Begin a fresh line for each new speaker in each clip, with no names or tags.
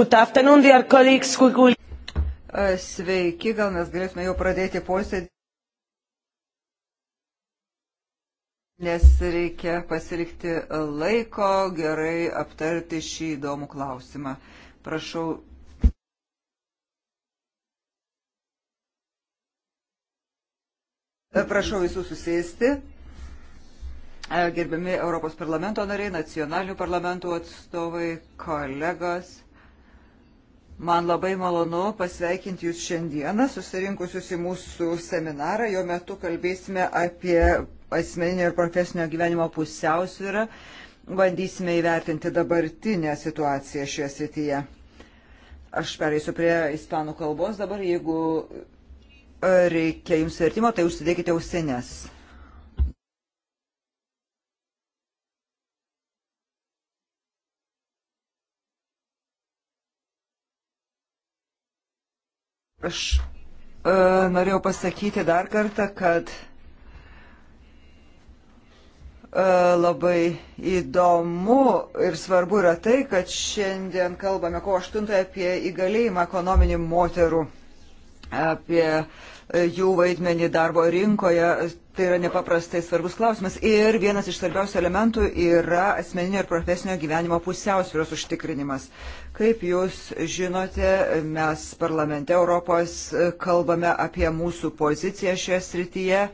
Good afternoon, dear colleagues. Sveiki, gal mes galėtume jau pradėti posėdį, nes reikia pasilikti laiko gerai aptarti šį įdomų klausimą. Prašau Prašau visų susėsti. Gerbiami Europos parlamento nariai, nacionalinių parlamentų atstovai, kolegos. Man labai malonu pasveikinti Jūs šiandieną, susirinkusius į mūsų seminarą. Jo metu kalbėsime apie asmeninio ir profesinio gyvenimo pusiausvyrą. Bandysime įvertinti dabartinę situaciją šioje srityje. Aš pereisiu prie ispanų kalbos dabar, jeigu e, reikia jums vertimo, tai užsidėkite ausinės. Aš e, norėjau pasakyti dar kartą, kad e, labai įdomu ir svarbu yra tai, kad šiandien kalbame ko 8 apie įgalėjimą ekonominį moterų apie e, jų vaidmenį darbo rinkoje. Tai yra nepaprastai svarbus klausimas. Ir vienas iš svarbiausių elementų yra asmeninio ir profesinio gyvenimo pusiausvėros užtikrinimas. Kaip jūs žinote, mes parlamente Europos kalbame apie mūsų poziciją šioje srityje. E,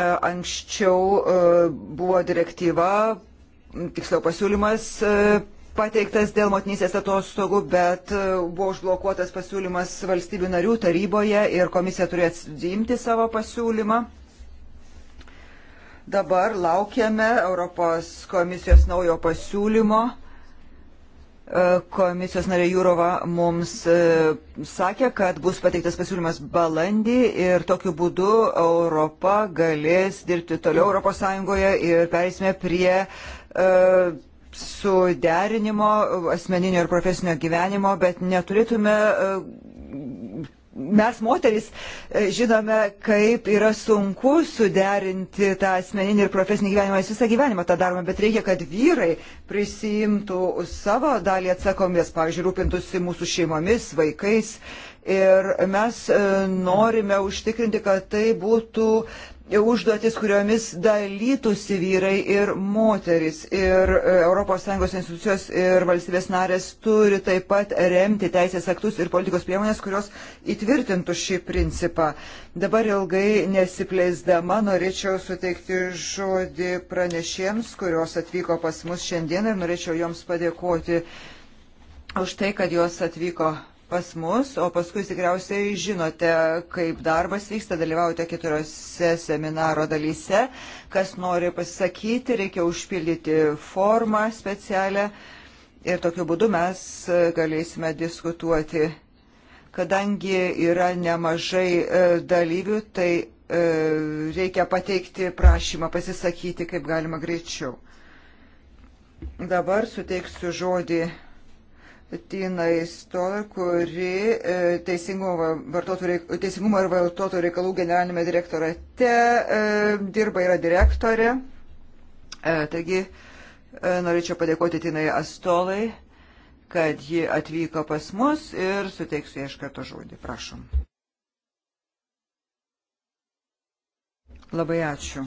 anksčiau e, buvo direktyva, tiksliau pasiūlymas pateiktas dėl motinysės atostogų, bet e, buvo užblokuotas pasiūlymas valstybių narių taryboje ir komisija turėjo atsimti savo pasiūlymą. Dabar laukiame Europos komisijos naujo pasiūlymo. E, komisijos narė Jūrova mums e, sakė, kad bus pateiktas pasiūlymas balandį ir tokiu būdu Europa galės dirbti toliau ES ir perėsime prie uh, suderinimo asmeninio ir profesinio gyvenimo, bet neturėtume. E, mes moteris e, žinome, kaip yra sunku suderinti tą asmeninį ir profesinį gyvenimą. Mes visą gyvenimą tą darome, bet reikia, kad vyrai prisijimtų savo dalį atsakomės, pavyzdžiui, rūpintųsi mūsų šeimomis, vaikais. Ir mes e, norime užtikrinti, kad tai būtų užduotis, kuriomis dalytųsi vyrai ir moteris. Ir ES institucijos ir valstybės narės turi taip pat remti teisės aktus ir politikos priemonės, kurios įtvirtintų šį principą. Dabar ilgai nesiplėsdama norėčiau suteikti žodį pranešėms, kurios atvyko pas mus šiandien ir norėčiau joms padėkoti už tai, kad jos atvyko pas mus, o paskui tikriausiai žinote, kaip darbas vyksta, dalyvaujate keturiose seminaro dalyse. Kas nori pasisakyti, reikia užpildyti formą specialią ir tokiu būdu mes galėsime diskutuoti. Kadangi yra nemažai e, dalyvių, tai e, reikia pateikti prašymą pasisakyti kaip galima greičiau. Dabar suteiksiu žodį Tina Stoller, kuri e, Teisingumo, vartotojų, teisingumo ir vartotojų reikalų generalinėme direktorate e, dirba, yra direktorė. E, taigi, norėčiau padėkoti Tinai Astolai, kad ji atvyko pas mus ir suteiksiu iš karto žodį. Prašom. Labai ačiū.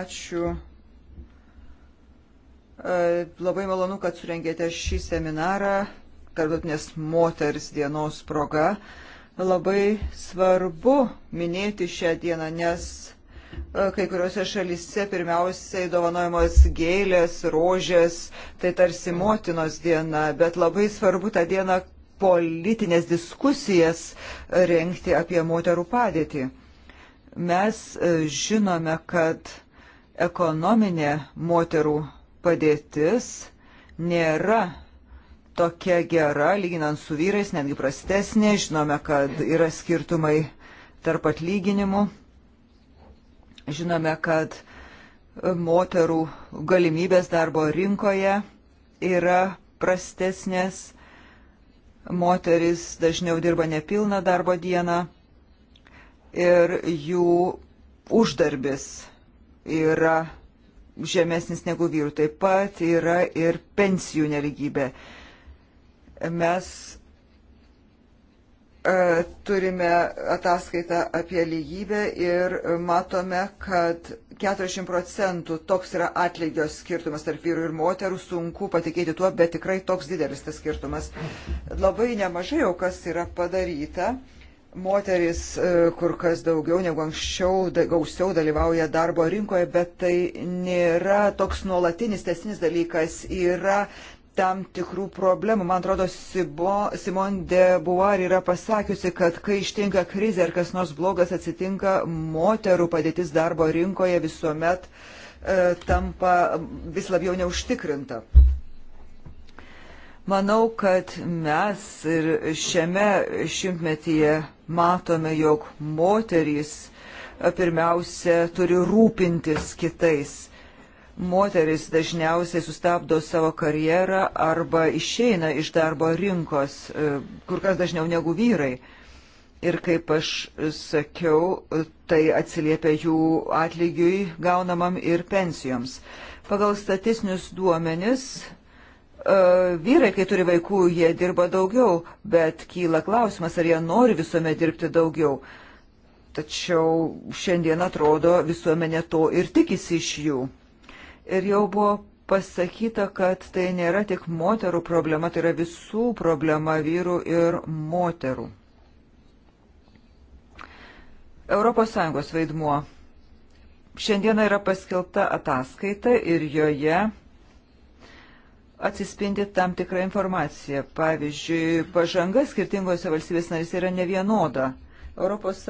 Ačiū E, labai malonu, kad surengėte šį seminarą Tarptautinės moters dienos proga. Labai svarbu minėti šią dieną, nes e, kai kuriuose šalyse pirmiausiai dovanojamos gėlės, rožės, tai tarsi motinos diena, bet labai svarbu tą dieną politinės diskusijas renkti apie moterų padėtį. Mes e, žinome, kad ekonominė moterų padėtis nėra tokia gera, lyginant su vyrais, netgi prastesnė. Žinome, kad yra skirtumai tarp atlyginimų. Žinome, kad moterų galimybės darbo rinkoje yra prastesnės. Moteris dažniau dirba nepilną darbo dieną ir jų uždarbis yra žemesnis negu vyrų. Taip pat yra ir pensijų neligybė. Mes e, turime ataskaitą apie lygybę ir matome, kad 40 procentų toks yra atlygio skirtumas tarp vyrų ir moterų, sunku patikėti tuo, bet tikrai toks didelis tas skirtumas. Labai nemažai jau kas yra padaryta. Uh, Moteris e, kur kas daugiau negu anksčiau gausiau dalyvauja darbo rinkoje, bet tai nėra toks nuolatinis tesinis dalykas, yra tam tikrų problemų. Man atrodo, Simon de Beauvoir yra pasakiusi, kad kai ištinka krizė ar kas nors blogas atsitinka, moterų padėtis darbo rinkoje visuomet e, tampa vis labiau neužtikrinta. Manau, kad mes ir šiame šimtmetyje matome, jog moterys e, pirmiausia turi rūpintis kitais. Moteris dažniausiai sustabdo savo karjerą arba išeina iš darbo rinkos, e, kur kas dažniau negu vyrai. Ir kaip aš sakiau, tai atsiliepia jų atlygiui gaunamam ir pensijoms. Pagal statistinius duomenis E, vyrai, kai turi vaikų, jie dirba daugiau, bet kyla klausimas, ar jie nori visuomet dirbti daugiau. Tačiau šiandien atrodo visuomenė to ir tikisi iš jų. Ir jau buvo pasakyta, kad tai nėra tik moterų problema, tai yra visų problema vyrų ir moterų. ES vaidmuo. Šiandieną yra paskelbta ataskaita ir joje atsispindi tam tikrą informaciją. Pavyzdžiui, pažanga skirtingose valstybės narys yra nevienoda. ES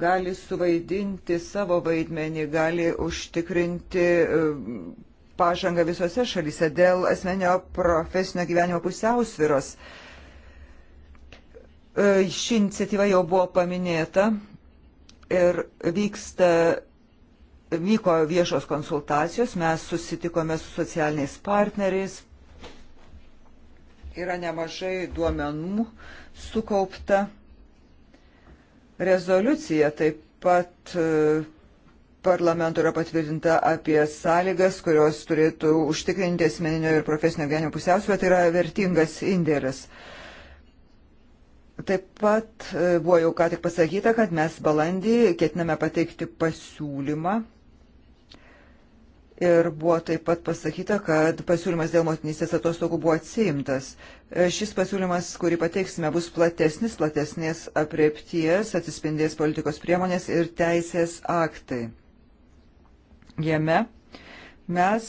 gali suvaidinti savo vaidmenį, gali užtikrinti e, pažangą visose šalyse dėl asmenio profesinio gyvenimo pusiausviros. E, ši iniciatyva jau buvo paminėta ir vyksta vyko viešos konsultacijos, mes susitikome su socialiniais partneriais, yra nemažai duomenų sukaupta. Rezoliucija taip pat e, parlamento yra patvirtinta apie sąlygas, kurios turėtų užtikrinti asmeninio ir profesinio gyvenimo pusiausvę, tai yra vertingas indėlis. Taip pat e, buvo jau ką tik pasakyta, kad mes balandį ketiname pateikti pasiūlymą Ir buvo taip pat pasakyta, kad pasiūlymas dėl motinystės atostogų buvo atsiimtas. E, šis pasiūlymas, kurį pateiksime, bus platesnis, platesnės apriepties, atsispindės politikos priemonės ir teisės aktai. Jame mes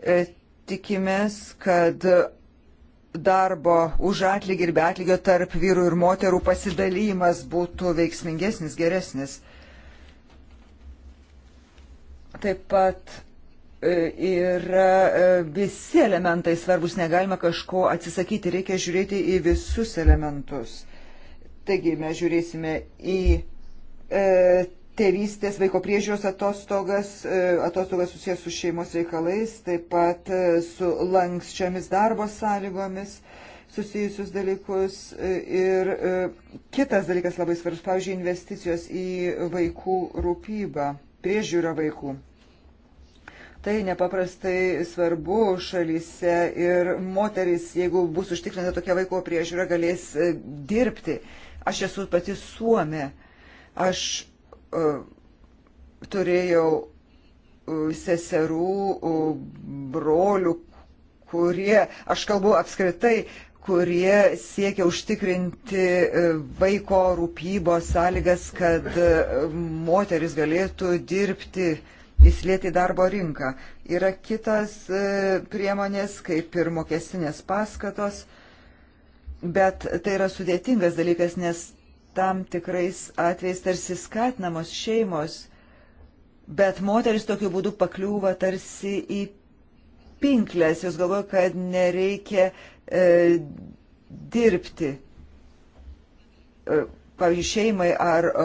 e, tikimės, kad darbo už atlygį ir be atlygio tarp vyrų ir moterų pasidalymas būtų veiksmingesnis, geresnis Taip pat e, yra e, visi elementai svarbus, negalima kažko atsisakyti, reikia žiūrėti į visus elementus. Taigi mes žiūrėsime į e, tėvystės vaiko priežiūros atostogas, e, atostogas susijęs su šeimos reikalais, taip pat e, su lankščiamis darbo sąlygomis susijusius dalykus. E, ir e, kitas dalykas labai svarbus, pavyzdžiui, investicijos į vaikų rūpybą, priežiūrą vaikų Tai nepaprastai svarbu šalyse ir moteris, jeigu bus užtikrinta tokia vaiko priežiūra, galės e, dirbti. Aš esu pati suomė. Aš uh, turėjau e, seserų, brolių, kurie, aš kalbu apskritai, kurie siekia užtikrinti vaiko rūpybos sąlygas, kad moteris galėtų dirbti uh, įsilieti darbo rinką. Yra kitas e, priemonės, kaip ir mokestinės paskatos, bet tai yra sudėtingas dalykas, nes tam tikrais atvejais tarsi skatinamos šeimos, bet moteris tokiu būdu pakliūva tarsi į pinklės, jos galvoja, kad nereikia e, dirbti. E, pavyzdžiui, šeimai ar e,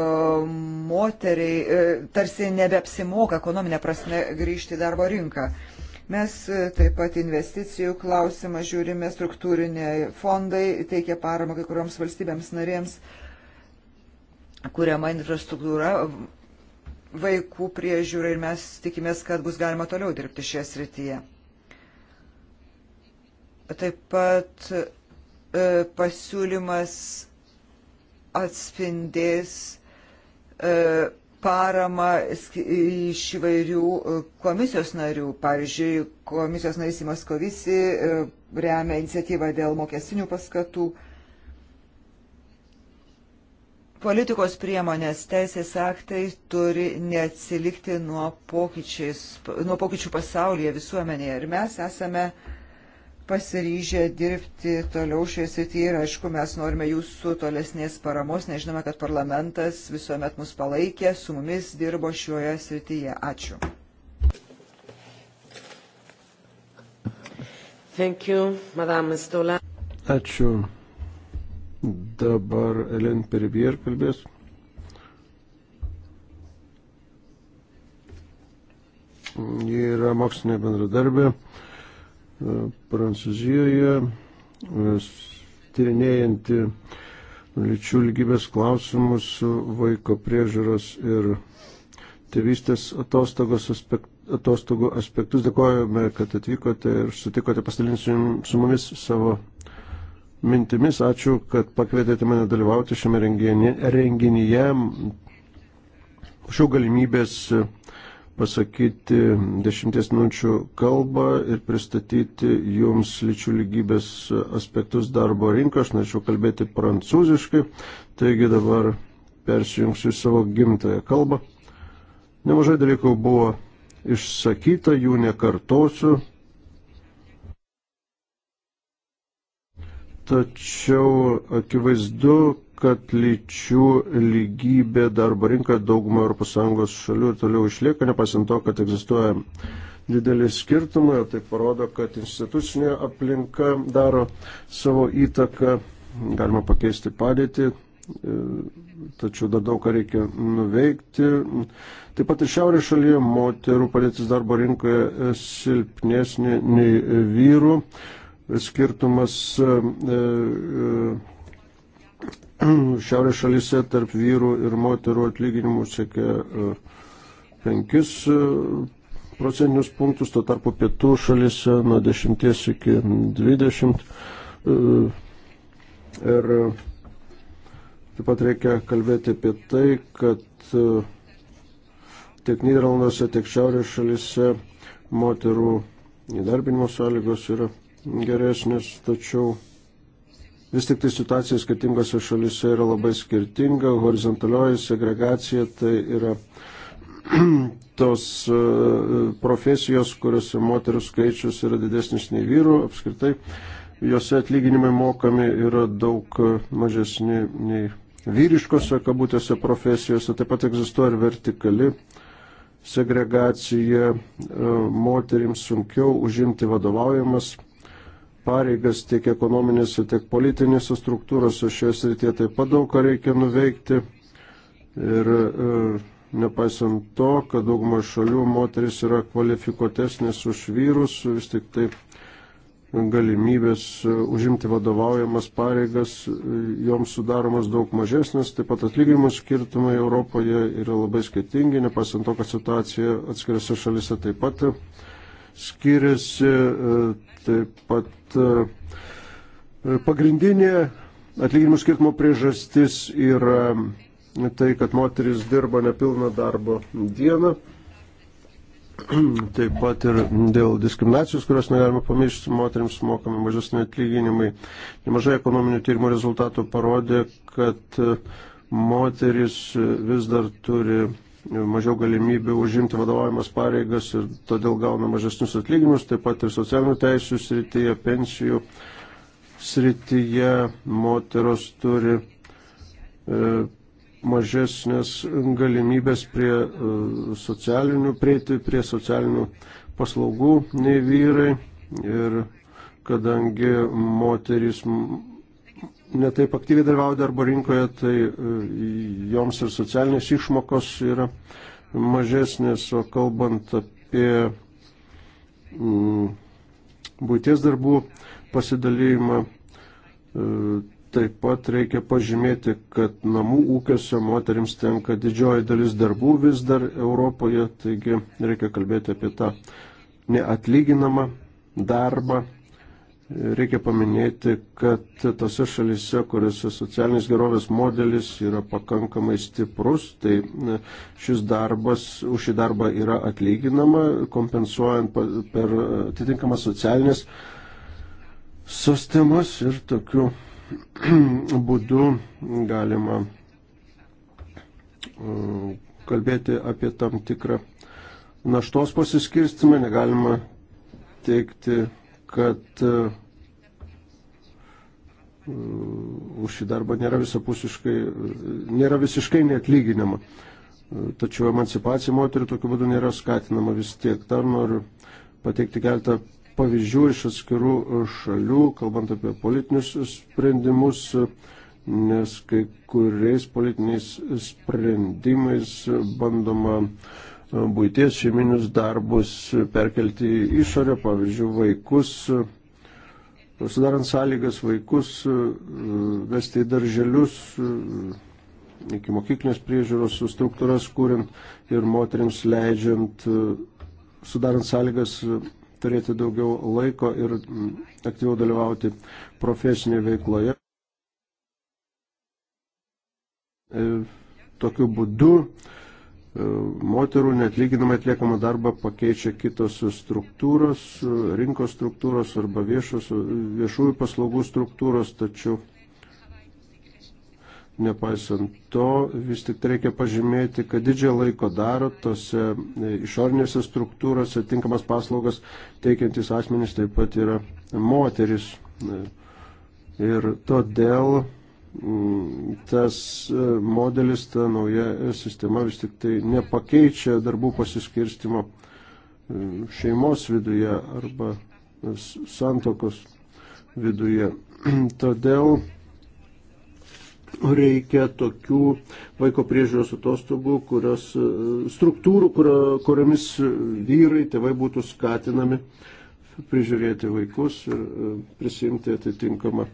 moteriai e, tarsi nebeapsimoka ekonominė prasme grįžti į darbo rinką. Mes e, taip pat investicijų klausimą žiūrime, struktūriniai fondai teikia paramą kai kurioms valstybėms narėms, kuriama infrastruktūra vaikų priežiūra ir mes tikimės, kad bus galima toliau dirbti šioje srityje. Taip pat pasiūlymas atspindės e, parama iš įvairių e, komisijos narių. Pavyzdžiui, komisijos narys Moskovici e, remia iniciatyvą dėl mokestinių paskatų. Politikos priemonės teisės aktai turi neatsilikti nuo, nuo pokyčių pasaulyje visuomenėje. Ir mes esame uh, pasiryžę dirbti toliau šioje srityje ir aišku, mes norime jūsų tolesnės paramos, nežinome, kad parlamentas visuomet mus palaikė, su mumis dirbo šioje srityje. Ačiū. Thank you, Madame Stola.
Ačiū.
Dabar Elen Perivier kalbės. Ji yra mokslinė bendradarbė Prancūzijoje tyrinėjanti lyčių lygybės klausimus vaiko priežiūros ir tėvystės atostogos aspekt, atostogų aspektus. Dėkojame, kad atvykote ir sutikote pasidalinti su mumis savo mintimis. Ačiū, kad pakvietėte mane dalyvauti šiame renginyje. Šių galimybės pasakyti dešimties minučių kalbą ir pristatyti jums lyčių lygybės aspektus darbo rinką. Aš norėčiau kalbėti prancūziškai, taigi dabar persijungsiu į savo gimtąją kalbą. Nemažai dalykų buvo išsakyta, jų nekartosiu. Tačiau akivaizdu, kad lyčių lygybė darbo rinkoje daugumą ES šalių ir toliau išlieka, nepasint to, kad egzistuoja didelis skirtumai, tai parodo, kad institucinė aplinka daro savo įtaką, galima pakeisti padėtį, e, tačiau dar daug ką reikia nuveikti. Taip pat ir šiaurės šalyje moterų padėtis darbo rinkoje silpnesnė nei vyrų. Skirtumas e, e, Šiaurės šalyse tarp vyrų ir moterų atlyginimų siekia 5 e, e, procentinius punktus, tuo tarpu pietų šalyse nuo 10 iki 20. E, ir taip pat reikia kalbėti apie tai, kad tiek Niderlanduose, tiek šiaurės šalyse moterų įdarbinimo sąlygos yra geresnės, tačiau Vis tik tai situacija skirtingose šalise yra labai skirtinga, horizontalioji segregacija tai yra tos e, profesijos, kuriuose moterų skaičius yra didesnis nei vyrų, apskritai juose atlyginimai mokami yra daug e, mažesni nei vyriškose kabutėse profesijose, taip pat egzistuoja ir vertikali segregacija, e, moterims sunkiau užimti vadovaujamas pareigas tiek ekonominėse, tiek politinėse struktūrose šioje srityje taip pat daug ką reikia nuveikti. Ir e, nepaisant to, kad daugumą šalių moteris yra kvalifikuotesnės už vyrus, vis tik taip galimybės e, užimti vadovaujamas pareigas, e, joms sudaromas daug mažesnis, taip pat atlyginimų skirtumai Europoje yra labai skirtingi, nepasant to, kad situacija atskiriuose šalise taip pat skiriasi, taip pat kad e, pagrindinė atlyginimų skirtumo priežastis yra tai, kad moteris dirba nepilną darbo dieną. Taip pat ir dėl diskriminacijos, kurios negalima pamiršti, moteriams mokami mažesni atlyginimai. Nemažai ekonominių tyrimų rezultatų parodė, kad moteris vis dar turi mažiau galimybių užimti vadovavimas pareigas ir todėl gauna mažesnius atlyginimus, taip pat ir socialinių teisų srityje, pensijų srityje moteros turi e, mažesnės galimybės prie e, socialinių, prieiti prie socialinių paslaugų nei vyrai ir kadangi moteris netaip aktyviai dalyvauja darbo rinkoje, tai e, joms ir socialinės išmokos yra mažesnės, o kalbant apie mm, būties darbų pasidalymą, e, taip pat reikia pažymėti, kad namų ūkiuose moteriams tenka didžioji dalis darbų vis dar Europoje, taigi reikia kalbėti apie tą neatlyginamą darbą Reikia paminėti, kad tose šalise, kuriuose socialinės gerovės modelis yra pakankamai stiprus, tai šis darbas, už šį darbą yra atlyginama, kompensuojant per atitinkamas socialinės sistemas ir tokiu būdu galima kalbėti apie tam tikrą naštos pasiskirstimą, negalima teikti kad e, e, už šį darbą nėra visapusiškai, e, nėra visiškai neatlyginama. Tačiau emancipacija moterių tokiu būdu nėra skatinama vis tiek. Dar noriu pateikti keletą pavyzdžių iš atskirų šalių, kalbant apie politinius sprendimus, nes kai kuriais politiniais sprendimais bandoma uh, būties šeiminius darbus perkelti į išorę, pavyzdžiui, vaikus, sudarant sąlygas vaikus vesti į darželius, iki mokyklinės priežiūros struktūras kūrint ir moteriams leidžiant, sudarant sąlygas turėti daugiau laiko ir aktyviau dalyvauti profesinėje veikloje. E, tokiu būdu moterų netlyginamai atliekamą darbą pakeičia kitos struktūros, rinkos struktūros arba viešos, viešųjų paslaugų struktūros, tačiau nepaisant to vis tik tai reikia pažymėti, kad didžiąją laiko daro tose išornėse struktūrose tinkamas paslaugas teikiantis asmenys taip pat yra moteris. Ir todėl Mm, tas e, modelis, ta nauja e, sistema vis tik tai nepakeičia darbų pasiskirstimo e, šeimos viduje arba santokos viduje. Todėl reikia tokių vaiko priežiūros atostogų, kurios struktūrų, kurio, kuriomis vyrai, tėvai būtų skatinami uh, prižiūrėti vaikus ir e, prisimti atitinkamą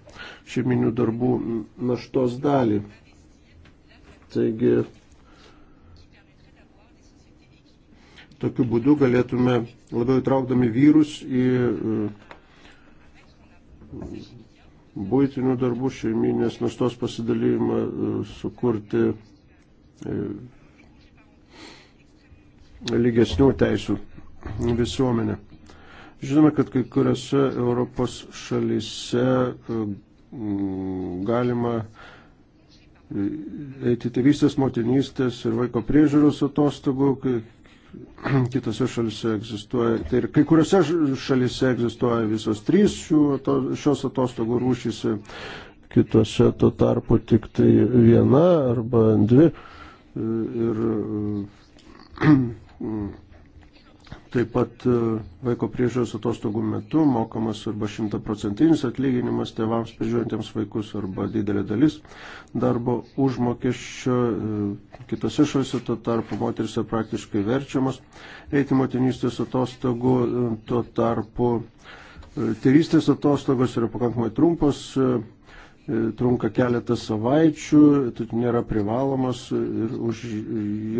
šeiminių darbų naštos dalį. Taigi, tokiu būdu galėtume labiau įtraukdami vyrus į e, būtinių darbų šeiminės naštos pasidalymą e, sukurti lygesnių teisų visuomenę. Žinome, kad kai kuriuose Europos šalyse um, galima eiti tėvystės, motinystės ir vaiko priežiūros atostogų, kitose šalise egzistuoja, tai ir kai kuriuose šalise egzistuoja visos trys šių, to, šios atostogų rūšys, kitose tuo tarpu tik tai viena arba dvi. E, ir e, mm, Taip pat e, vaiko priežiūros atostogų metu mokamas arba šimtaprocentinis atlyginimas tėvams prižiūrintiems vaikus arba didelė dalis darbo užmokesčio. E, kitose šalise tuo tarpu moteris yra praktiškai verčiamas eiti motinystės atostogų, e, tuo tarpu tėvystės atostogos yra pakankamai trumpos trunka keletą savaičių, tai nėra privalomas ir už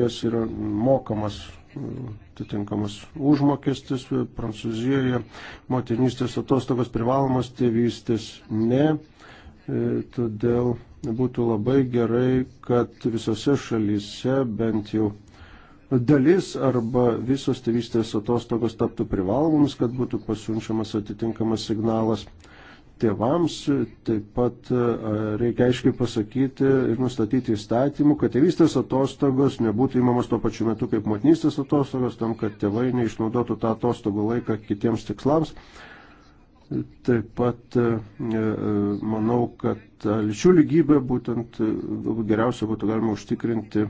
jas yra mokamas atitinkamas užmokestis Prancūzijoje, motinystės atostogos privalomas, tėvystės ne. E, todėl būtų labai gerai, kad visose šalyse bent jau dalis arba visos tėvystės atostogos taptų privalomomis, kad būtų pasiunčiamas atitinkamas signalas tėvams taip pat e, reikia aiškiai pasakyti ir nustatyti įstatymų, kad tėvystės atostogos nebūtų įmamos tuo pačiu metu kaip motinystės atostogos, tam, kad tėvai neišnaudotų tą atostogų laiką kitiems tikslams. Taip pat e, e, manau, kad lyčių lygybę būtent geriausia būtų galima užtikrinti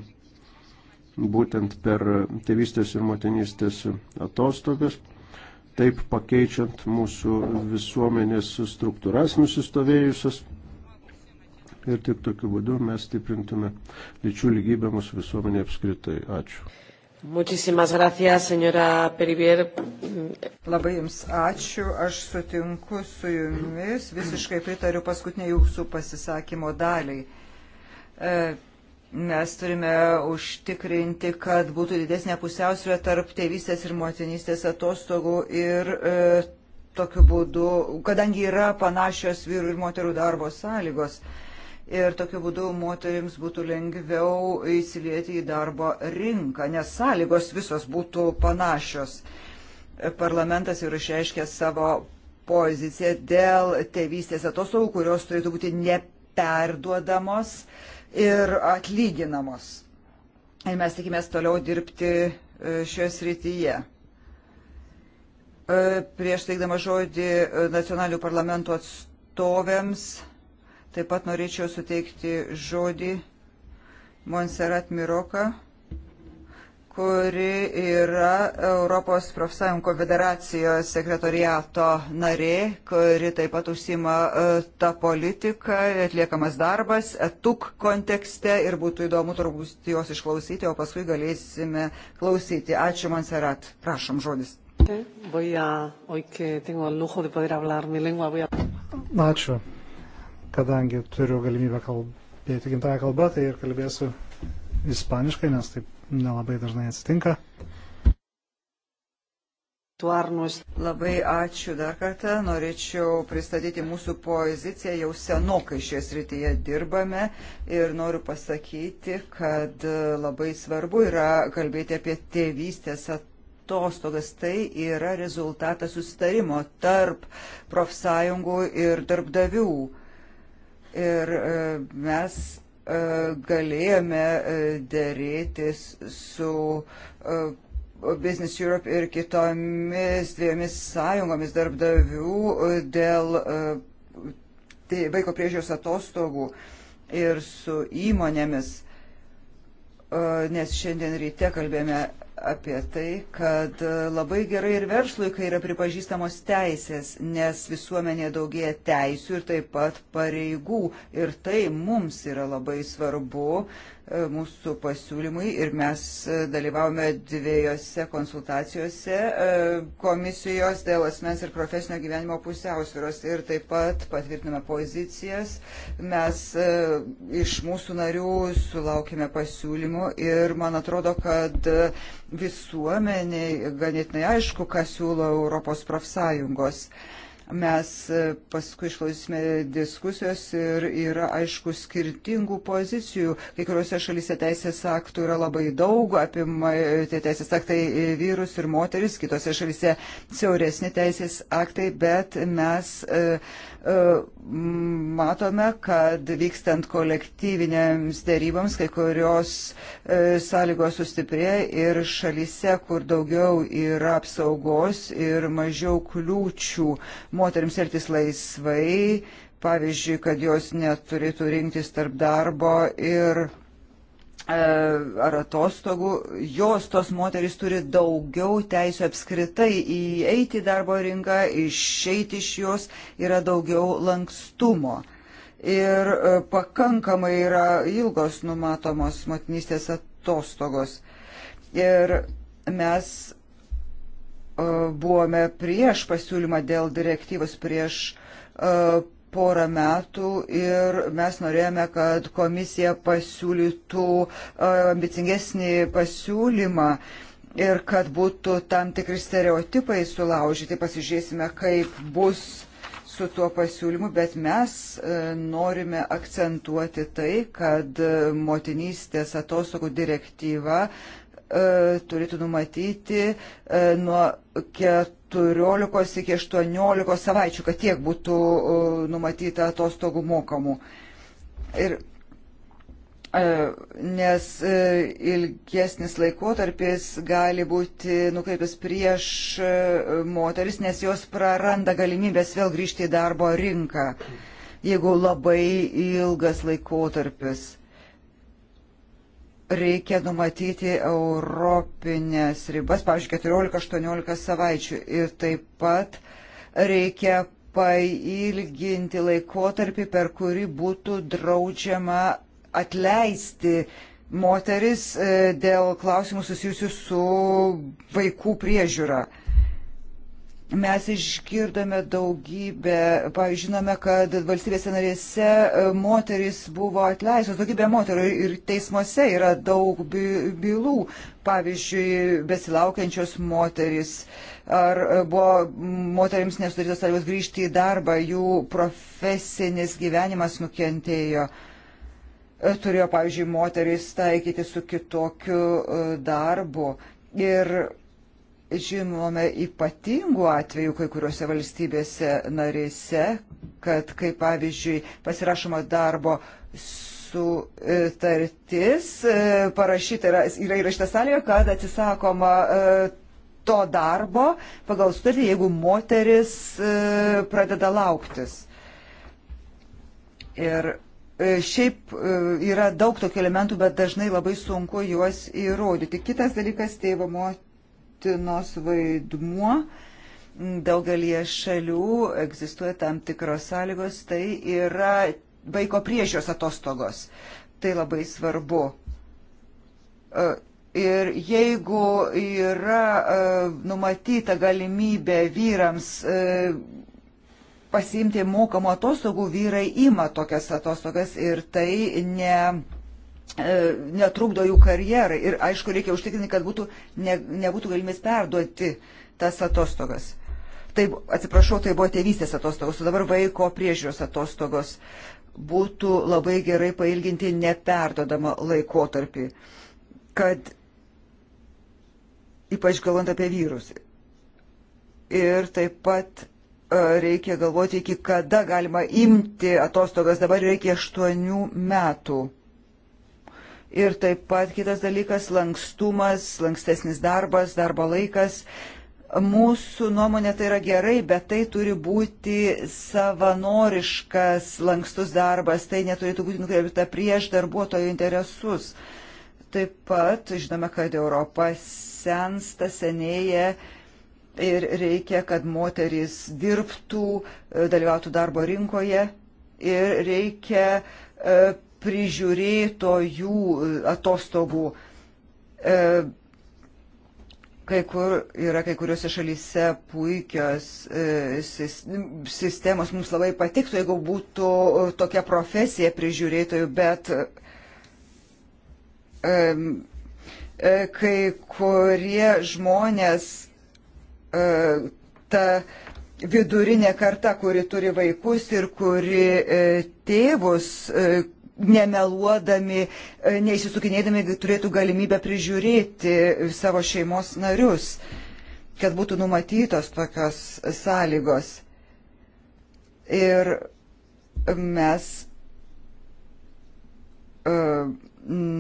būtent per tėvystės ir motinystės atostogas taip pakeičiant mūsų visuomenės struktūras nusistovėjusias. Ir tik tokiu būdu mes stiprintume lyčių lygybę mūsų visuomenė apskritai. Ačiū.
Muchísimas gracias, señora Perivier. Labai Jums ačiū, aš sutinku su Jumis, visiškai pritariu paskutinė Jūsų pasisakymo daliai. E, Mes turime užtikrinti, kad būtų didesnė pusiausvė tarp tėvystės ir motinystės atostogų ir e, tokiu būdu, kadangi yra panašios vyrų ir moterų darbo sąlygos ir tokiu būdu moterims būtų lengviau įsilieti į darbo rinką, nes sąlygos visos būtų panašios. Parlamentas jau išreiškė savo poziciją dėl tėvystės atostogų, kurios turėtų būti neperduodamos ir atlyginamos. Ir mes tikimės toliau dirbti e, šioje srityje. E, prieš teikdama žodį e, nacionalinių parlamento atstovėms, taip pat norėčiau suteikti žodį Monserat Miroka kuri yra Europos profsąjungų konfederacijos sekretoriato narė, kuri taip pat užsima e, tą politiką, atliekamas darbas, tuk kontekste ir būtų įdomu turbūt jos išklausyti, o paskui galėsime klausyti. Ačiū, Monserat. Prašom žodis.
Ačiū, kadangi turiu galimybę kalbėti gimtąją kalbą, tai ir kalbėsiu ispaniškai, nes taip nelabai dažnai atsitinka.
Tuarnus. Labai ačiū dar kartą. Norėčiau pristatyti mūsų poziciją. Jau senokai šioje srityje dirbame ir noriu pasakyti, kad labai svarbu yra kalbėti apie tėvystės atostogas. Tai yra rezultatas sustarimo tarp profsąjungų ir darbdavių. Ir e, mes E, galėjome e, dėrėtis su e, Business Europe ir kitomis dviejomis sąjungomis darbdavių dėl tai vaiko priežiūros atostogų ir su įmonėmis, nes šiandien ryte kalbėjome apie tai, kad e, labai gerai ir verslui, kai yra pripažįstamos teisės, nes visuomenė daugėja teisių ir taip pat pareigų. Ir tai mums yra labai svarbu, E, mūsų pasiūlymui ir mes e, dalyvavome dviejose konsultacijose e, komisijos dėl asmens ir profesinio gyvenimo pusiausviros ir taip pat patvirtiname pozicijas. Mes iš mūsų narių sulaukime pasiūlymų ir man atrodo, kad visuomeniai ganėtinai aišku, ką siūlo Europos profsąjungos. Uh, Mes e, paskui išklausysime diskusijos ir yra aišku skirtingų pozicijų. Kai kuriuose šalyse teisės aktų yra labai daug, apima e, tie teisės aktai e, vyrus ir moteris, kitose šalyse siauresni teisės aktai, bet mes matome, kad vykstant kolektyvinėms dėryboms, kai kurios sąlygos sustiprėja ir šalyse, kur daugiau yra apsaugos ir mažiau kliūčių moteriams elgtis laisvai, pavyzdžiui, kad jos neturėtų rinktis tarp darbo ir e, ar atostogų, jos tos moteris turi daugiau teisų apskritai įeiti į darbo rinką, išeiti iš jos, yra daugiau lankstumo. Ir e, pakankamai yra ilgos numatomos motinystės atostogos. Ir mes E, buvome prieš pasiūlymą dėl direktyvos prieš e, porą metų ir mes norėjome, kad komisija pasiūlytų e, ambicingesnį pasiūlymą ir kad būtų tam tikri stereotipai sulaužyti. Pasižiūrėsime, kaip bus su tuo pasiūlymu, bet mes norime akcentuoti tai, kad motinystės atostogų direktyva E, turėtų numatyti e, nuo 14 iki 18 savaičių, kad tiek būtų e, numatyta atostogų mokamų. Ir nes ilgesnis laikotarpis gali būti nukreiptas prieš moteris, nes jos praranda galimybės vėl grįžti į darbo rinką, jeigu labai ilgas laikotarpis reikia numatyti europinės ribas, pavyzdžiui, 14-18 savaičių ir taip pat reikia pailginti laikotarpį, per kurį būtų draudžiama atleisti moteris e, dėl klausimų susijusių su vaikų priežiūra. Mes išgirdome daugybę, pavyzdžiui, žinome, kad valstybėse narėse e, moteris buvo atleistos, daugybė moterų ir teismuose yra daug bylų, pavyzdžiui, besilaukiančios moteris, ar e, buvo moteriams nesudarytos sąlygos grįžti į darbą, jų profesinis gyvenimas nukentėjo. E, turėjo, pavyzdžiui, moteris taikyti su kitokiu darbu. Ir žinome ypatingų atvejų kai kuriuose valstybėse narėse, kad kai pavyzdžiui pasirašoma darbo sutartis, e, parašyta yra, yra įrašyta sąlyga, kad atsisakoma e, to darbo pagal sutartį, jeigu moteris e, pradeda lauktis. Ir šiaip yra daug tokių elementų, bet dažnai labai sunku juos įrodyti. Kitas dalykas - tėvo moteris Palestinos vaidmuo. Daugelie šalių egzistuoja tam tikros sąlygos, tai yra vaiko priežios atostogos. Tai labai svarbu. E, ir jeigu yra e, numatyta galimybė vyrams e, pasiimti mokamų atostogų, vyrai ima tokias atostogas ir tai ne E, netrukdo jų karjerai. Ir aišku, reikia užtikrinti, kad būtų, ne, nebūtų galimės perduoti tas atostogas. Taip, atsiprašau, tai buvo tėvystės atostogos, o dabar vaiko priežiūros atostogos. Būtų labai gerai pailginti neperdodamą laikotarpį, kad ypač galvant apie vyrus. Ir taip pat e, reikia galvoti, iki kada galima imti atostogas, dabar reikia aštuonių metų Ir taip pat kitas dalykas - lankstumas, lankstesnis darbas, darbo laikas. Mūsų nuomonė tai yra gerai, bet tai turi būti savanoriškas, lankstus darbas, tai neturėtų būti nukreipta prieš darbuotojų interesus. Taip pat žinome, kad Europa sensta, senėja ir reikia, kad moteris dirbtų, dalyvautų darbo rinkoje ir reikia e, prižiūrėtojų e, atostogų. E, kai kur yra kai kuriuose šalyse puikios e, sistemos, mums labai patiktų, jeigu būtų tokia profesija prižiūrėtojų, bet kai kurie žmonės, ta vidurinė karta, kuri turi vaikus ir kuri tėvus nemeluodami, e, neįsisukinėdami turėtų galimybę prižiūrėti savo šeimos narius, kad būtų numatytos tokios sąlygos. Ir mes e,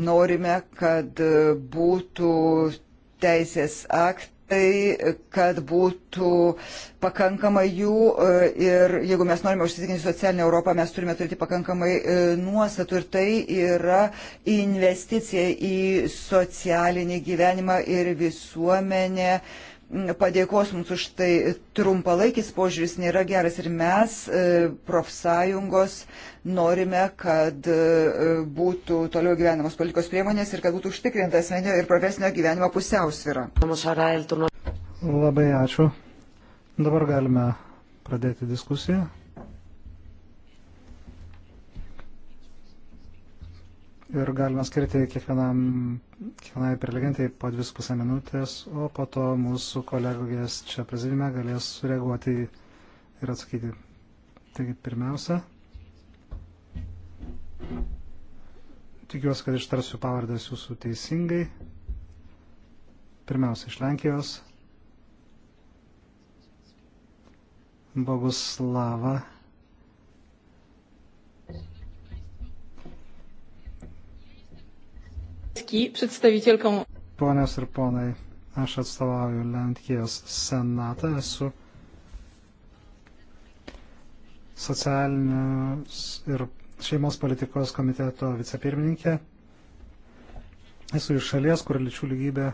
norime, kad būtų teisės aktai tai, kad būtų pakankama jų e, ir jeigu mes norime užsitikinti socialinę Europą, mes turime turėti pakankamai e, nuostatų ir tai yra investicija į socialinį gyvenimą ir visuomenę. Uh, padėkos mums už tai trumpalaikis požiūris nėra geras ir mes, e, profsąjungos, norime, kad e, būtų toliau gyvenamos politikos priemonės ir kad būtų užtikrinta asmenio ir profesinio gyvenimo pusiausvyrą.
Labai ačiū. Dabar galime pradėti diskusiją. ir galime skirti kiekvienam, kiekvienai prelegentai po 2,5 minutės, o po to mūsų kolegės čia prezidime galės sureaguoti ir atsakyti. Taigi pirmiausia, tikiuosi, kad ištarsiu pavardės jūsų teisingai. Pirmiausia, iš Lenkijos. Boguslava Ponios ir ponai, aš atstovauju Lenkijos senatą, esu socialinius ir šeimos politikos komiteto vicepirmininkė. Esu iš šalies, kur lyčių lygybė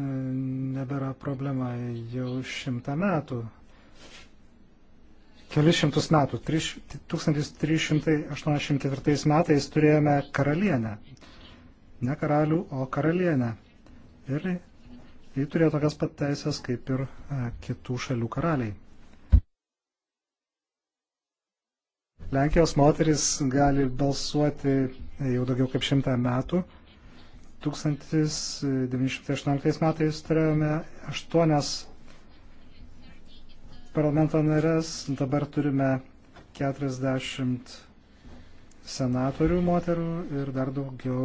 nebėra problema jau šimtą metų kelis šimtus metų. 1384 metais turėjome karalienę. Ne karalių, o karalienę. Ir ji turėjo tokias pat teisės kaip ir e, kitų šalių karaliai. Lenkijos moteris gali balsuoti jau daugiau kaip šimtą metų. 1918 metais turėjome aštuonias parlamento narės, dabar turime 40 senatorių moterų ir dar daugiau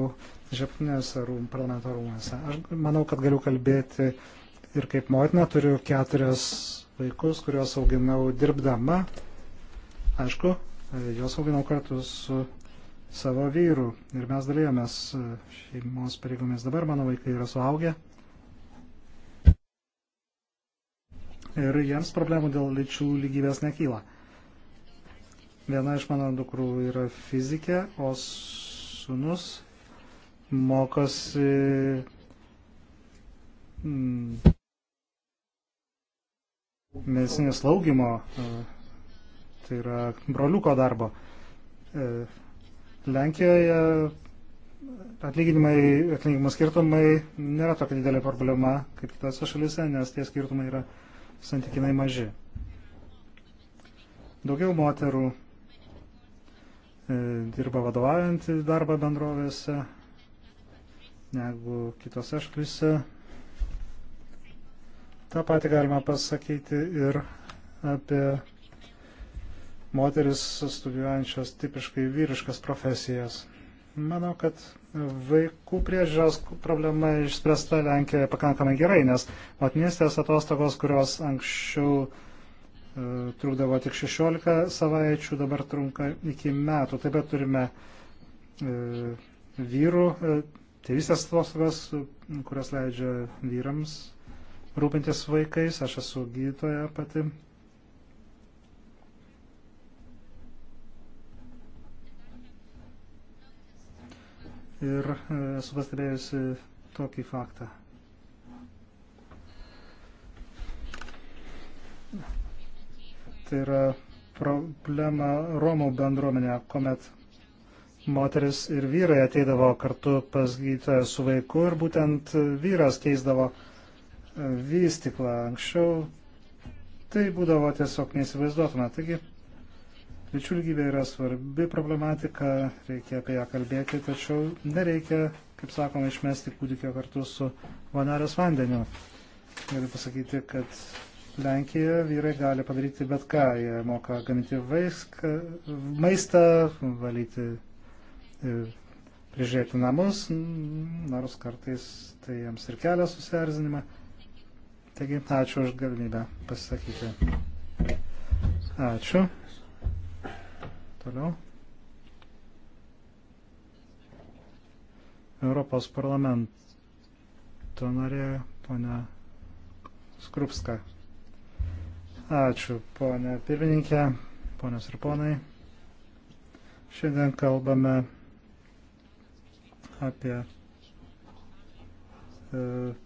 žeptinėse rūm, parlamento rūmose. Aš manau, kad galiu kalbėti ir kaip motina, turiu keturias vaikus, kuriuos auginau dirbdama. Aišku, juos auginau kartu su savo vyru ir mes dalyjomės šeimos pareigomis. Dabar mano vaikai yra suaugę ir jiems problemų dėl lyčių lygybės nekyla. Viena iš mano dukrų yra fizikė, o sunus mokosi. Mm, medicinės laugimo, tai yra broliuko darbo. E, Lenkijoje atlyginimai, atlyginimų skirtumai nėra tokia didelė problema kaip kitose šalise, nes tie skirtumai yra santykinai maži. Daugiau moterų e, dirba vadovaujant darbą bendrovėse negu kitose šalyse. Ta pati galima pasakyti ir apie moteris studijuojančias tipiškai vyriškas profesijas. Manau, kad Vaikų priežiūros problema išspręsta Lenkijoje pakankamai gerai, nes motinystės atostogos, kurios anksčiau e, trukdavo tik 16 savaičių, dabar trunka iki metų. Taip pat turime e, vyrų e, tėvystės atostogas, kurios leidžia vyrams rūpintis vaikais. Aš esu gydytoja pati ir e, esu pastebėjusi tokį faktą. Tai yra problema Romų bendruomenė, kuomet moteris ir vyrai ateidavo kartu pas gydytoją su vaiku ir būtent vyras keisdavo e, vystiklą. Anksčiau tai būdavo tiesiog neįsivaizduotume. Taigi Lyčių lygybė yra svarbi problematika, reikia apie ją kalbėti, tačiau nereikia, kaip sakoma, išmesti kūdikio kartu su vanarės vandeniu. Galiu pasakyti, kad Lenkijoje vyrai gali padaryti bet ką. Jie moka gaminti vaiską, maistą, valyti, e, prižiūrėti namus, nors kartais tai jiems ir kelia susierzinimą. Taigi, ačiū už galimybę pasisakyti. Ačiū. Toliau. Europos parlamento narė, ponia Skrupska. Ačiū, ponia pirmininkė, ponios ir ponai. Šiandien kalbame apie e,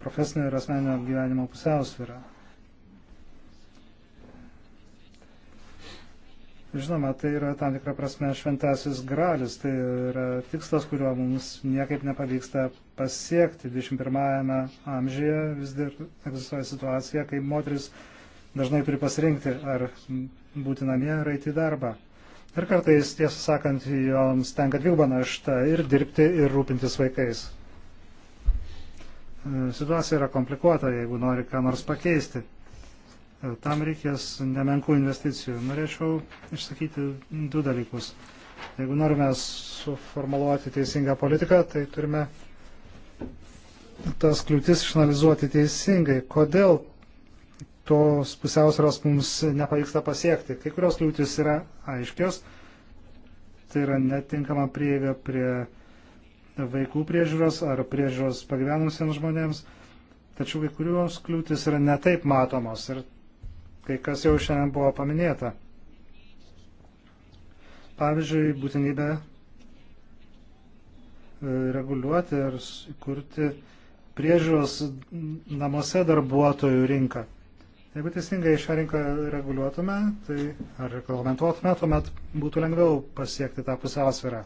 profesinio ir asmeninio gyvenimo pusiausvyrą. Žinoma, tai yra tam tikra prasme šventasis gralis, tai yra tikslas, kuriuo mums niekaip nepavyksta pasiekti. 21-ame amžiuje vis dar egzistuoja situacija, kai moteris dažnai turi pasirinkti, ar būti namie, ar eiti į darbą. Ir kartais, tiesą sakant, joms tenka dvigubą naštą ir dirbti, ir rūpintis vaikais. E, situacija yra komplikuota, jeigu nori ką nors pakeisti. Tam reikės nemenkų investicijų. Norėčiau išsakyti du dalykus. Jeigu norime suformuluoti teisingą politiką, tai turime tas kliūtis išanalizuoti teisingai. Kodėl tos pusiausvėros mums nepavyksta pasiekti? Kai kurios kliūtis yra aiškios. Tai yra netinkama prieiga prie vaikų priežiūros ar priežiūros pagyvenusiems žmonėms. Tačiau kai kurios kliūtis yra netaip matomos ir kai kas jau šiandien buvo paminėta. Pavyzdžiui, būtinybė e, reguliuoti ir kurti priežiūros namuose darbuotojų rinką. Jeigu teisingai šią rinką reguliuotume, tai ar reglamentuotume, tuomet būtų lengviau pasiekti tą pusiausvyrą.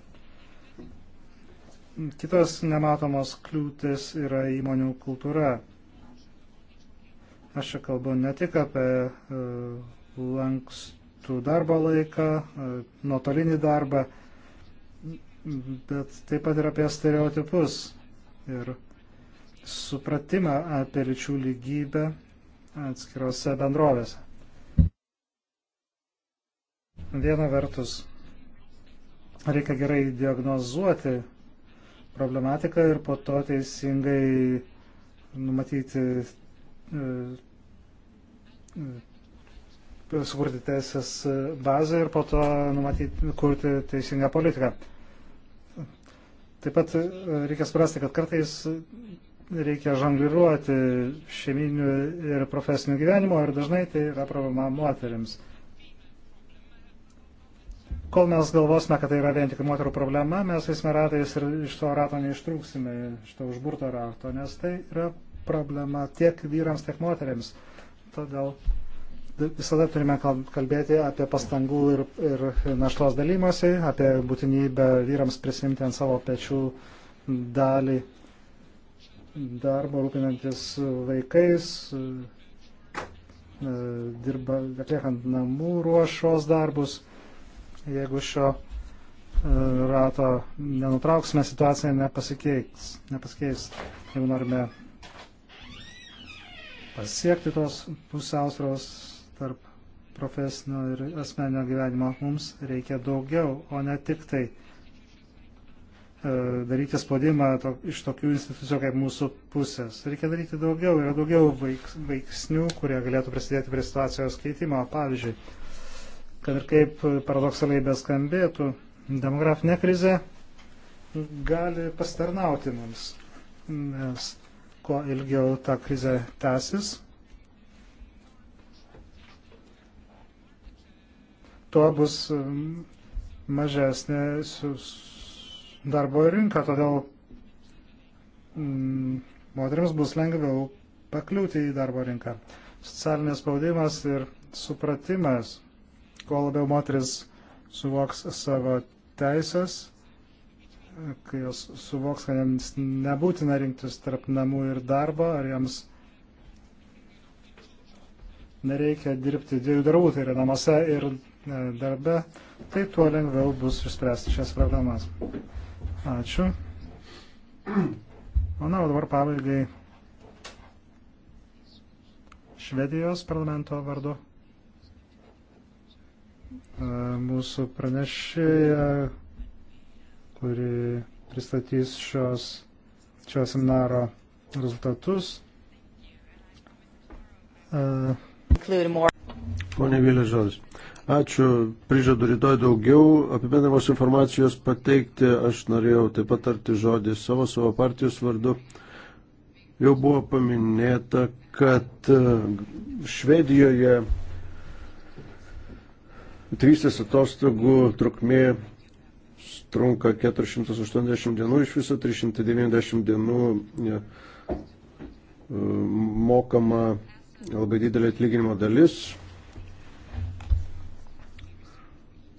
Kitos nematomos kliūtis yra įmonių kultūra. Aš čia kalbu ne tik apie e, lankstų darbo laiką, e, nuotolinį darbą, bet taip pat ir apie stereotipus ir supratimą apie lyčių lygybę atskirose bendrovėse. Viena vertus, reikia gerai diagnozuoti problematiką ir po to teisingai numatyti sukurti teisės bazę ir po to numatyti, kurti teisingą politiką. Taip pat reikia suprasti, kad kartais reikia žongliruoti šeiminių ir profesinių gyvenimo ir dažnai tai yra problema moteriams. Kol mes galvosime, kad tai yra vien tik moterų problema, mes eisme ratais ir iš to rato neištrūksime, iš to užburto rato, nes tai yra problema tiek vyrams, tiek moteriams. Todėl visada turime kalbėti apie pastangų ir, ir naštos dalymosi, apie būtinybę vyrams prisimti ant savo pečių dalį darbo rūpinantis vaikais, e, dirba, atliekant namų ruošos darbus. Jeigu šio e, rato nenutrauksime, situacija nepasikeis. nepasikeis. Jeigu norime pasiekti tos pusiausvėros tarp profesinio ir asmeninio gyvenimo. Mums reikia daugiau, o ne tik tai e, daryti spaudimą to, iš tokių institucijų kaip mūsų pusės. Reikia daryti daugiau, yra daugiau vaik, veiksnių, kurie galėtų prisidėti prie situacijos keitimo. Pavyzdžiui, kad ir kaip paradoksaliai beskambėtų, demografinė krizė gali pastarnauti mums, nes kuo ilgiau ta krize tęsis, tuo bus um, mažesnė darbo rinka, todėl um, moteriams bus lengviau pakliūti į darbo rinką. Socialinis spaudimas ir supratimas, kuo labiau moteris suvoks savo teisės, kai jos suvoks, kad jiems nebūtina rinktis tarp namų ir darbo, ar jiems nereikia dirbti dviejų darbų, tai yra namuose ir e, darbe, tai tuo lengviau bus išspręsti šias problemas. Ačiū. Manau, dabar pabaigai Švedijos parlamento vardu. E, mūsų pranešėja kuri pristatys šios, šio seminaro rezultatus.
Uh,
Pone
Vėlėžodis, ačiū, prižadu rytoj daugiau, apibendramos informacijos pateikti, aš norėjau taip pat tarti žodį savo, savo partijos vardu. Jau buvo paminėta, kad e, Švedijoje tėvystės atostogų trukmė trunka 480 dienų, iš viso 390 dienų e, e, mokama labai didelė atlyginimo dalis.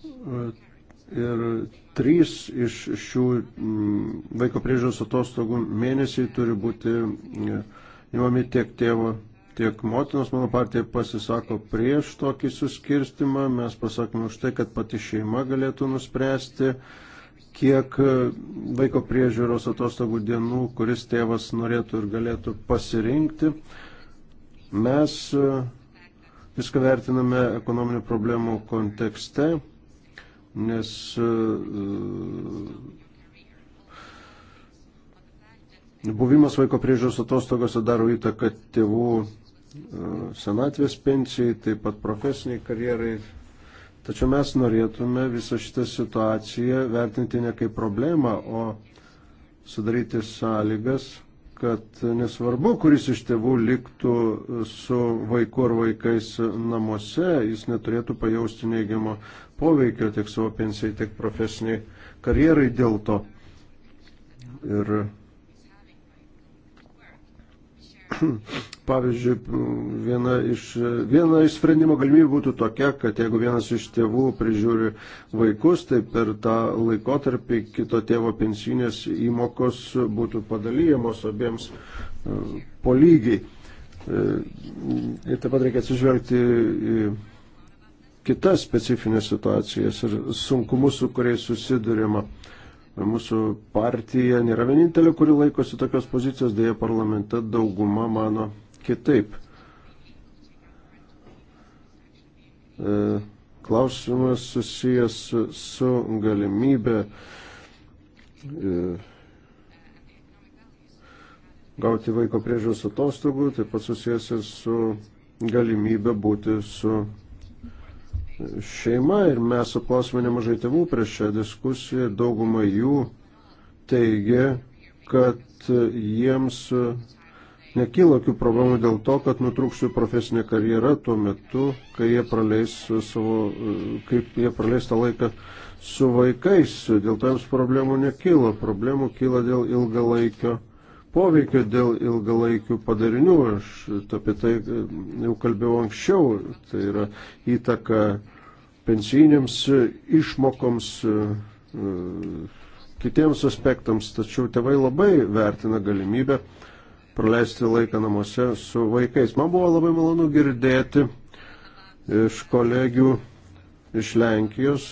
E, ir trys iš šių mm, vaiko priežiūros atostogų mėnesiai turi būti imami tiek tėvo, tiek motinos mano partija pasisako prieš tokį suskirstimą. Mes pasakome už tai, kad pati šeima galėtų nuspręsti, kiek e, vaiko priežiūros atostogų dienų, kuris tėvas norėtų ir galėtų pasirinkti. Mes e, viską vertiname ekonominių problemų kontekste, nes e, buvimas vaiko priežiūros atostogose daro įtaką tėvų senatvės pensijai, taip pat profesiniai karjerai. Tačiau mes norėtume visą šitą situaciją vertinti ne kaip problemą, o sudaryti sąlygas, kad nesvarbu, kuris iš tėvų liktų su vaiku ar vaikais namuose, jis neturėtų pajausti neigiamo poveikio tiek savo pensijai, tiek profesiniai karjerai dėl to. Ir Pavyzdžiui, viena iš, viena iš sprendimo galimybių būtų tokia, kad jeigu vienas iš tėvų prižiūri vaikus, tai per tą laikotarpį kito tėvo pensinės įmokos būtų padalyjamos abiems e, po lygiai. E, ir taip pat reikia atsižvelgti į kitas specifinės situacijas ir sunkumus, su kuriais susidurima Mūsų partija nėra vienintelė, kuri laikosi tokios pozicijos, dėja parlamente dauguma mano kitaip. E, klausimas susijęs su galimybė e, gauti vaiko priežiūros atostogų, taip pat susijęs ir su galimybė būti su šeima ir mes aplausime nemažai tėvų prieš šią diskusiją. Dauguma jų teigia, kad jiems nekyla jokių problemų dėl to, kad nutrūks jų profesinė karjera tuo metu, kai jie praleis, savo, kaip jie praleis tą laiką su vaikais. Dėl to jiems problemų nekyla. Problemų kyla dėl ilgalaikio poveikio dėl ilgalaikių padarinių. Aš apie tai e, jau kalbėjau anksčiau. Tai yra įtaka pensijiniams išmokoms, e, e, kitiems aspektams. Tačiau tėvai labai vertina galimybę praleisti laiką namuose su vaikais. Man buvo labai malonu girdėti iš kolegių iš Lenkijos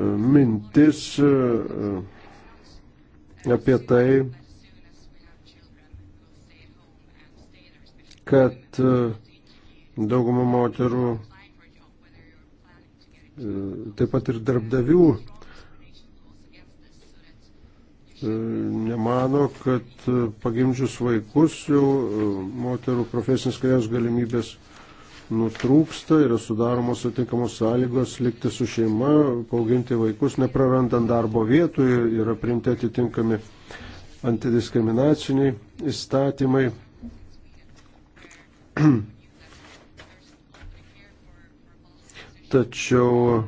mintis e, e, apie tai, kad e, dauguma moterų, taip pat ir darbdavių, nemano, kad pagimdžius vaikus jau moterų profesinės karjeros galimybės nutrūksta, yra sudaromos atinkamos sąlygos likti su šeima, auginti vaikus, neprarandant darbo vietų, yra priimti atitinkami antidiskriminaciniai įstatymai. Tačiau e,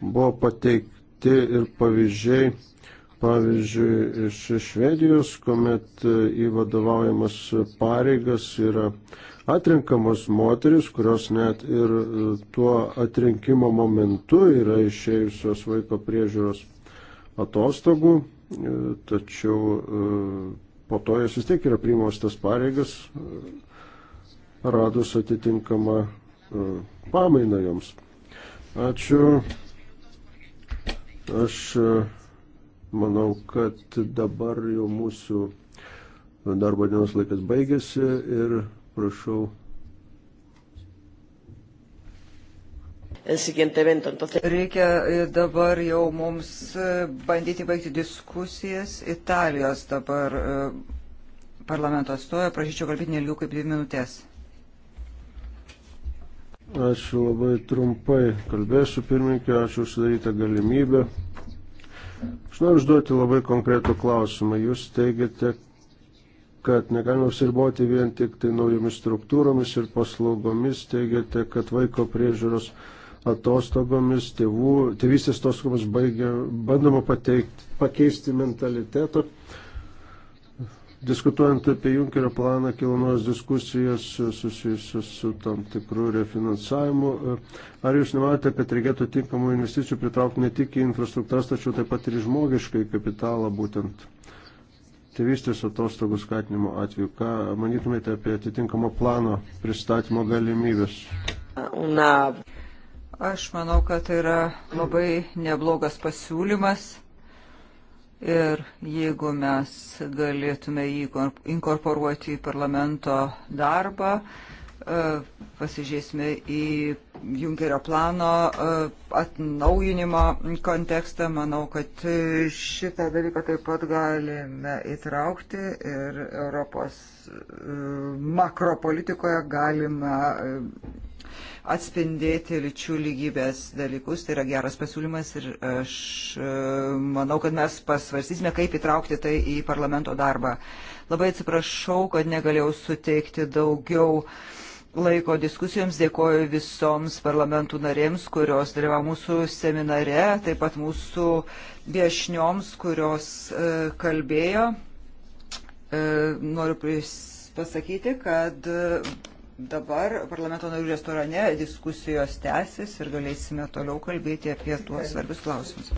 buvo pateikti ir pavyzdžiai pavyzdžiui, iš Švedijos, kuomet e, į vadovaujamas pareigas yra atrenkamos moteris, kurios net ir e, tuo atrinkimo momentu yra išėjusios vaiko priežiūros atostogų, e, tačiau po to jos vis tiek yra priimamos tas pareigas, radus atitinkamą pamainą joms. Ačiū. Aš Manau, kad dabar jau mūsų darbo dienos laikas baigėsi ir prašau.
Reikia e, dabar jau mums e, bandyti baigti diskusijas. Italijos dabar e, parlamento atstovė, prašyčiau kalbėti nelgiau kaip dvi minutės.
Ačiū labai trumpai. Kalbėsiu pirmininkė, ačiū užsidarytą galimybę. Aš noriu užduoti labai konkretų klausimą. Jūs teigiate, kad negalima apsiriboti vien tik tai naujomis struktūromis ir paslaugomis, teigiate, kad vaiko priežiūros atostogomis, tėvų, tėvystės atostogomis baigia, bandoma pateikti, pakeisti mentaliteto. Diskutuojant apie Junkerio planą, kilo nors diskusijos susijusios su tam tikrų refinansavimu. Ar jūs nematote, kad reikėtų tinkamų investicijų pritraukti ne tik į infrastruktūras, tačiau taip pat ir žmogiškai kapitalą būtent tėvystės atostogų skatinimo atveju? Ką manytumėte apie atitinkamo plano pristatymo galimybės?
Na, aš manau, kad tai yra labai neblogas pasiūlymas Ir jeigu mes galėtume jį inkorporuoti į parlamento darbą, e, pasižiūrėsime į Junkerio plano e, atnaujinimo kontekstą, manau, kad šitą dalyką taip pat galime įtraukti ir Europos e, makropolitikoje galima atspindėti lyčių lygybės dalykus. Tai yra geras pasiūlymas ir aš e, manau, kad mes pasvarsysime, kaip įtraukti tai į parlamento darbą. Labai atsiprašau, kad negalėjau suteikti daugiau laiko diskusijoms. Dėkoju visoms parlamentų narėms, kurios dalyva mūsų seminare, taip pat mūsų viešnioms, kurios e, kalbėjo. E, noriu pasakyti, kad Dabar parlamento narių restorane diskusijos tęsis ir galėsime toliau kalbėti apie tuos svarbius klausimus.